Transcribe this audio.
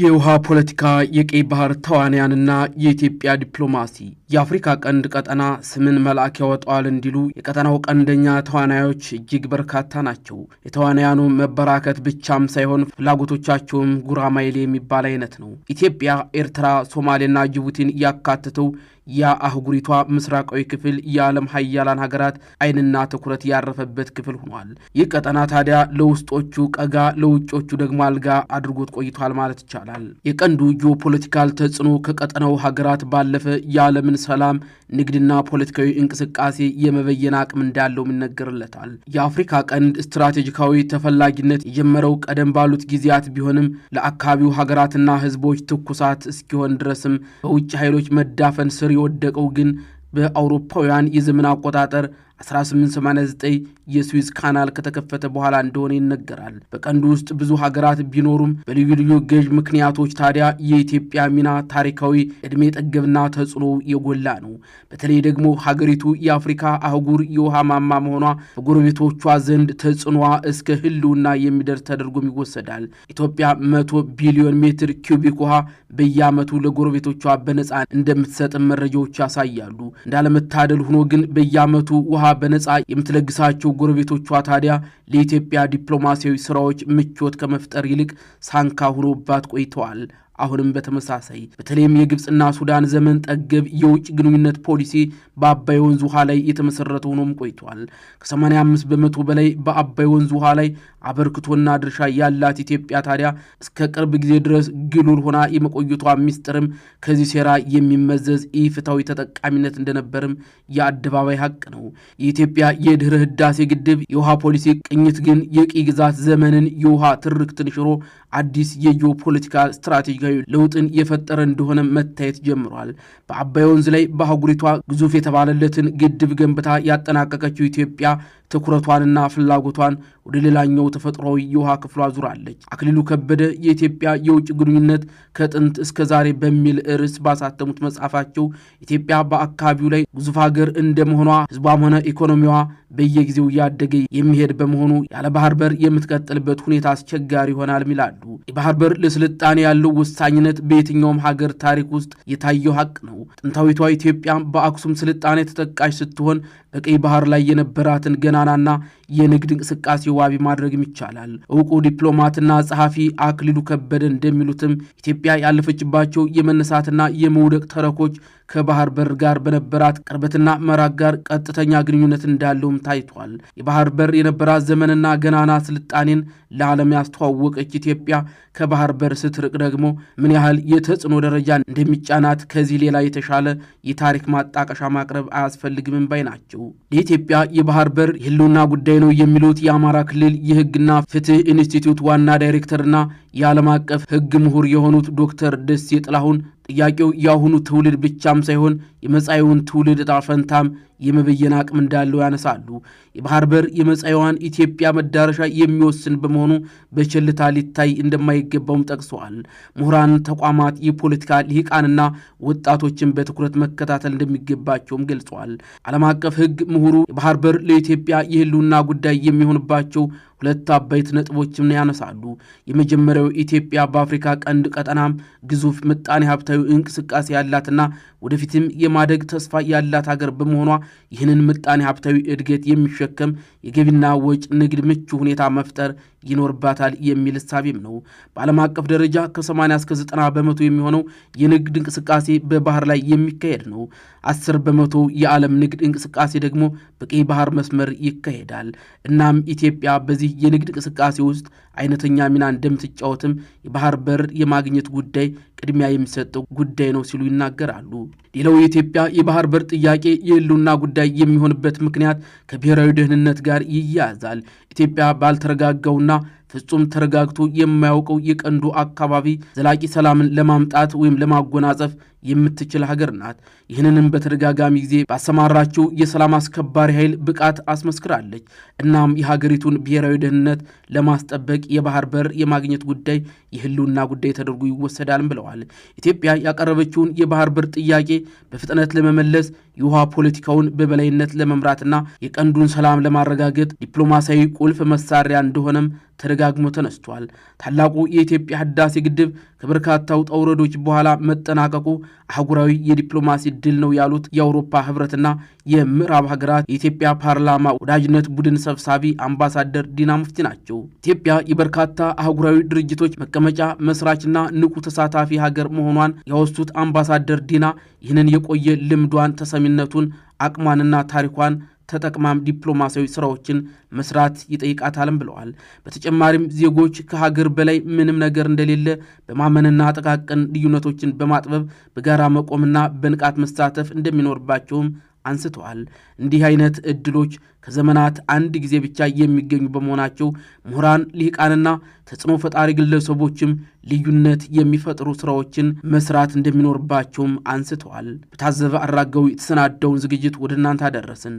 የውሃ ፖለቲካ የቀይ ባህር ተዋንያንና የኢትዮጵያ ዲፕሎማሲ የአፍሪካ ቀንድ ቀጠና ስምን መልአክ ያወጣዋል እንዲሉ የቀጠናው ቀንደኛ ተዋናዮች እጅግ በርካታ ናቸው። የተዋናያኑ መበራከት ብቻም ሳይሆን ፍላጎቶቻቸውም ጉራማይሌ የሚባል አይነት ነው። ኢትዮጵያ፣ ኤርትራ፣ ሶማሌና ጅቡቲን ያካትተው የአህጉሪቷ ምስራቃዊ ክፍል የዓለም ሀያላን ሀገራት አይንና ትኩረት ያረፈበት ክፍል ሆኗል። ይህ ቀጠና ታዲያ ለውስጦቹ ቀጋ፣ ለውጮቹ ደግሞ አልጋ አድርጎት ቆይቷል ማለት ይቻላል። የቀንዱ ጂኦፖለቲካል ተጽዕኖ ከቀጠናው ሀገራት ባለፈ የዓለምን ሰላም፣ ንግድና ፖለቲካዊ እንቅስቃሴ የመበየን አቅም እንዳለውም ይነገርለታል። የአፍሪካ ቀንድ ስትራቴጂካዊ ተፈላጊነት የጀመረው ቀደም ባሉት ጊዜያት ቢሆንም ለአካባቢው ሀገራትና ህዝቦች ትኩሳት እስኪሆን ድረስም በውጭ ኃይሎች መዳፈን ስር የወደቀው ግን በአውሮፓውያን የዘመን አቆጣጠር 1889 የስዊዝ ካናል ከተከፈተ በኋላ እንደሆነ ይነገራል። በቀንዱ ውስጥ ብዙ ሀገራት ቢኖሩም በልዩ ልዩ ገዥ ምክንያቶች ታዲያ የኢትዮጵያ ሚና ታሪካዊ፣ ዕድሜ ጠገብና ተጽዕኖ የጎላ ነው። በተለይ ደግሞ ሀገሪቱ የአፍሪካ አህጉር የውሃ ማማ መሆኗ በጎረቤቶቿ ዘንድ ተጽዕኖዋ እስከ ህልውና የሚደርስ ተደርጎም ይወሰዳል። ኢትዮጵያ መቶ ቢሊዮን ሜትር ኪዩቢክ ውሃ በየዓመቱ ለጎረቤቶቿ በነፃ እንደምትሰጥም መረጃዎች ያሳያሉ። እንዳለመታደል ሆኖ ግን በየዓመቱ ውሃ በነጻ የምትለግሳቸው ጎረቤቶቿ ታዲያ ለኢትዮጵያ ዲፕሎማሲያዊ ስራዎች ምቾት ከመፍጠር ይልቅ ሳንካ ሆኖባት ቆይተዋል። አሁንም በተመሳሳይ በተለይም የግብፅና ሱዳን ዘመን ጠገብ የውጭ ግንኙነት ፖሊሲ በአባይ ወንዝ ውሃ ላይ የተመሰረተ ሆኖም ቆይቷል። ከ85 በመቶ በላይ በአባይ ወንዝ ውሃ ላይ አበርክቶና ድርሻ ያላት ኢትዮጵያ ታዲያ እስከ ቅርብ ጊዜ ድረስ ግሉል ሆና የመቆየቷ ሚስጥርም ከዚህ ሴራ የሚመዘዝ ኢፍታዊ ተጠቃሚነት እንደነበርም የአደባባይ ሀቅ ነው። የኢትዮጵያ የድህረ ህዳሴ ግድብ የውሃ ፖሊሲ ቅኝት ግን የቅኝ ግዛት ዘመንን የውሃ ትርክትን ሽሮ አዲስ የጂኦፖለቲካ ስትራቴጂካዊ ለውጥን የፈጠረ እንደሆነ መታየት ጀምሯል። በአባይ ወንዝ ላይ በአህጉሪቷ ግዙፍ የተባለለትን ግድብ ገንብታ ያጠናቀቀችው ኢትዮጵያ ትኩረቷንና ፍላጎቷን ወደ ሌላኛው ተፈጥሯዊ የውሃ ክፍሏ ዙራለች። አክሊሉ ከበደ የኢትዮጵያ የውጭ ግንኙነት ከጥንት እስከ ዛሬ በሚል ርዕስ ባሳተሙት መጽሐፋቸው ኢትዮጵያ በአካባቢው ላይ ግዙፍ ሀገር እንደመሆኗ ህዝቧም ሆነ ኢኮኖሚዋ በየጊዜው እያደገ የሚሄድ በመሆኑ ያለ ባህር በር የምትቀጥልበት ሁኔታ አስቸጋሪ ይሆናል ይላሉ። የባህር በር ለስልጣኔ ያለው ወሳኝነት በየትኛውም ሀገር ታሪክ ውስጥ የታየው ሀቅ ነው። ጥንታዊቷ ኢትዮጵያ በአክሱም ስልጣኔ ተጠቃሽ ስትሆን በቀይ ባህር ላይ የነበራትን ገናናና የንግድ እንቅስቃሴ ዋቢ ማድረግም ይቻላል። እውቁ ዲፕሎማትና ጸሐፊ አክሊሉ ከበደ እንደሚሉትም ኢትዮጵያ ያለፈችባቸው የመነሳትና የመውደቅ ተረኮች ከባህር በር ጋር በነበራት ቅርበትና መራቅ ጋር ቀጥተኛ ግንኙነት እንዳለውም ታይቷል። የባህር በር የነበራት ዘመንና ገናና ስልጣኔን ለዓለም ያስተዋወቀች ኢትዮጵያ ከባህር በር ስትርቅ ደግሞ ምን ያህል የተጽዕኖ ደረጃ እንደሚጫናት ከዚህ ሌላ የተሻለ የታሪክ ማጣቀሻ ማቅረብ አያስፈልግም ባይ ናቸው። የኢትዮጵያ የባህር በር የህልውና ጉዳይ ነው የሚሉት የአማራ ክልል የህግና ፍትህ ኢንስቲትዩት ዋና ዳይሬክተርና የዓለም አቀፍ ህግ ምሁር የሆኑት ዶክተር ደሴ ጥላሁን ጥያቄው የአሁኑ ትውልድ ብቻም ሳይሆን የመጻኢውን ትውልድ ዕጣ ፈንታም የመበየን አቅም እንዳለው ያነሳሉ። የባህር በር የመጻኢዋን ኢትዮጵያ መዳረሻ የሚወስን በመሆኑ በቸልታ ሊታይ እንደማይገባውም ጠቅሰዋል። ምሁራን፣ ተቋማት፣ የፖለቲካ ሊቃንና ወጣቶችን በትኩረት መከታተል እንደሚገባቸውም ገልጸዋል። ዓለም አቀፍ ሕግ ምሁሩ የባህር በር ለኢትዮጵያ የህልውና ጉዳይ የሚሆንባቸው ሁለት አበይት ነጥቦችም ያነሳሉ። የመጀመሪያው ኢትዮጵያ በአፍሪካ ቀንድ ቀጠናም ግዙፍ ምጣኔ ሀብታዊ እንቅስቃሴ ያላትና ወደፊትም የማደግ ተስፋ ያላት ሀገር በመሆኗ ይህንን ምጣኔ ሀብታዊ እድገት የሚሸከም የገቢና ወጭ ንግድ ምቹ ሁኔታ መፍጠር ይኖርባታል የሚል እሳቤም ነው። በዓለም አቀፍ ደረጃ ከ80 እስከ 90 በመቶ የሚሆነው የንግድ እንቅስቃሴ በባህር ላይ የሚካሄድ ነው። 10 በመቶ የዓለም ንግድ እንቅስቃሴ ደግሞ በቀይ ባህር መስመር ይካሄዳል። እናም ኢትዮጵያ በዚህ የንግድ እንቅስቃሴ ውስጥ አይነተኛ ሚና እንደምትጫወትም የባህር በር የማግኘት ጉዳይ ቅድሚያ የሚሰጠው ጉዳይ ነው ሲሉ ይናገራሉ። ሌላው የኢትዮጵያ የባህር በር ጥያቄ የህልውና ጉዳይ የሚሆንበት ምክንያት ከብሔራዊ ደህንነት ጋር ይያያዛል። ኢትዮጵያ ባልተረጋጋውና ፍጹም ተረጋግቶ የማያውቀው የቀንዱ አካባቢ ዘላቂ ሰላምን ለማምጣት ወይም ለማጎናጸፍ የምትችል ሀገር ናት። ይህንንም በተደጋጋሚ ጊዜ ባሰማራችው የሰላም አስከባሪ ኃይል ብቃት አስመስክራለች። እናም የሀገሪቱን ብሔራዊ ደህንነት ለማስጠበቅ የባህር በር የማግኘት ጉዳይ የህልውና ጉዳይ ተደርጎ ይወሰዳል ብለዋል። ኢትዮጵያ ያቀረበችውን የባህር በር ጥያቄ በፍጥነት ለመመለስ የውሃ ፖለቲካውን በበላይነት ለመምራትና የቀንዱን ሰላም ለማረጋገጥ ዲፕሎማሲያዊ ቁልፍ መሳሪያ እንደሆነም ተደጋ ደጋግሞ ተነስቷል። ታላቁ የኢትዮጵያ ህዳሴ ግድብ ከበርካታ ውጣ ውረዶች በኋላ መጠናቀቁ አህጉራዊ የዲፕሎማሲ ድል ነው ያሉት የአውሮፓ ህብረትና የምዕራብ ሀገራት የኢትዮጵያ ፓርላማ ወዳጅነት ቡድን ሰብሳቢ አምባሳደር ዲና ሙፍቲ ናቸው። ኢትዮጵያ የበርካታ አህጉራዊ ድርጅቶች መቀመጫ መስራችና ንቁ ተሳታፊ ሀገር መሆኗን ያወሱት አምባሳደር ዲና ይህንን የቆየ ልምዷን፣ ተሰሚነቱን፣ አቅሟንና ታሪኳን ተጠቅማም ዲፕሎማሲያዊ ስራዎችን መስራት ይጠይቃታልም ብለዋል። በተጨማሪም ዜጎች ከሀገር በላይ ምንም ነገር እንደሌለ በማመንና ጥቃቅን ልዩነቶችን በማጥበብ በጋራ መቆምና በንቃት መሳተፍ እንደሚኖርባቸውም አንስተዋል። እንዲህ አይነት እድሎች ከዘመናት አንድ ጊዜ ብቻ የሚገኙ በመሆናቸው ምሁራን፣ ሊቃንና ተጽዕኖ ፈጣሪ ግለሰቦችም ልዩነት የሚፈጥሩ ስራዎችን መስራት እንደሚኖርባቸውም አንስተዋል። በታዘበ አራጋዊ የተሰናዳውን ዝግጅት ወደ እናንተ አደረስን።